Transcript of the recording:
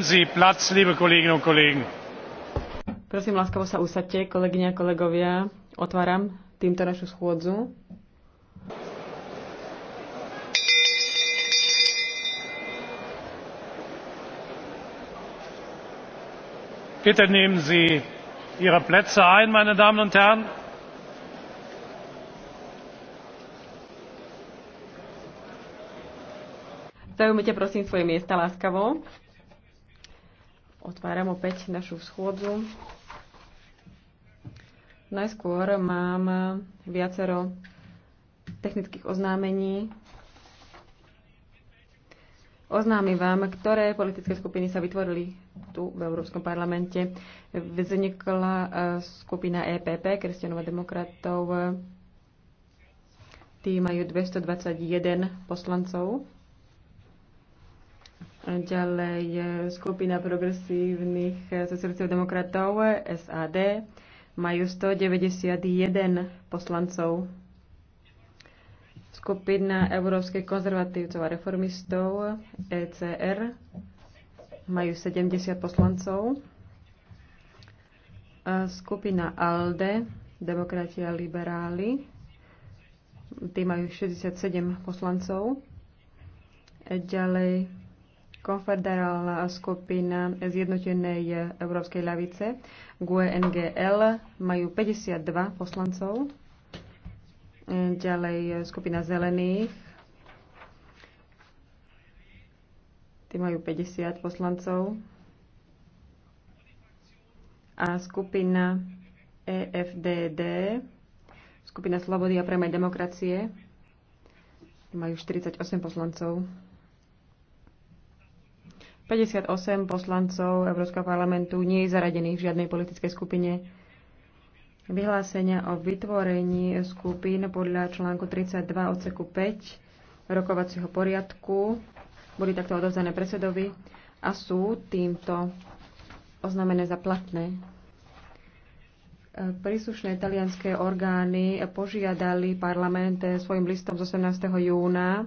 Prosím, láskavo sa usadte, kolegyne a kolegovia. Otváram týmto našu schôdzu. Bitte nehmen Sie Ihre Plätze ein, meine Damen und Herren. Zaujmite prosím svoje miesta láskavo. Otváram opäť našu schôdzu. Najskôr mám viacero technických oznámení. Oznámim vám, ktoré politické skupiny sa vytvorili tu v Európskom parlamente. Vznikla eh, skupina EPP, Kresťanova demokratov. Tí majú 221 poslancov. Ďalej skupina progresívnych sociálnych demokratov SAD. Majú 191 poslancov. Skupina Európskej konzervatívcov a reformistov ECR majú 70 poslancov. A skupina ALDE, demokratia a liberáli, tí majú 67 poslancov. Ďalej Konfederálna skupina Zjednotenej európskej ľavice GUE NGL majú 52 poslancov. Ďalej skupina Zelených Tí majú 50 poslancov. A skupina EFDD, skupina Slobody a premaj demokracie, majú 48 poslancov. 58 poslancov Európskeho parlamentu nie je zaradených v žiadnej politickej skupine. Vyhlásenia o vytvorení skupín podľa článku 32 odseku 5 rokovacieho poriadku boli takto odovzdané predsedovi a sú týmto oznamené za platné. Príslušné talianské orgány požiadali parlament svojim listom z 18. júna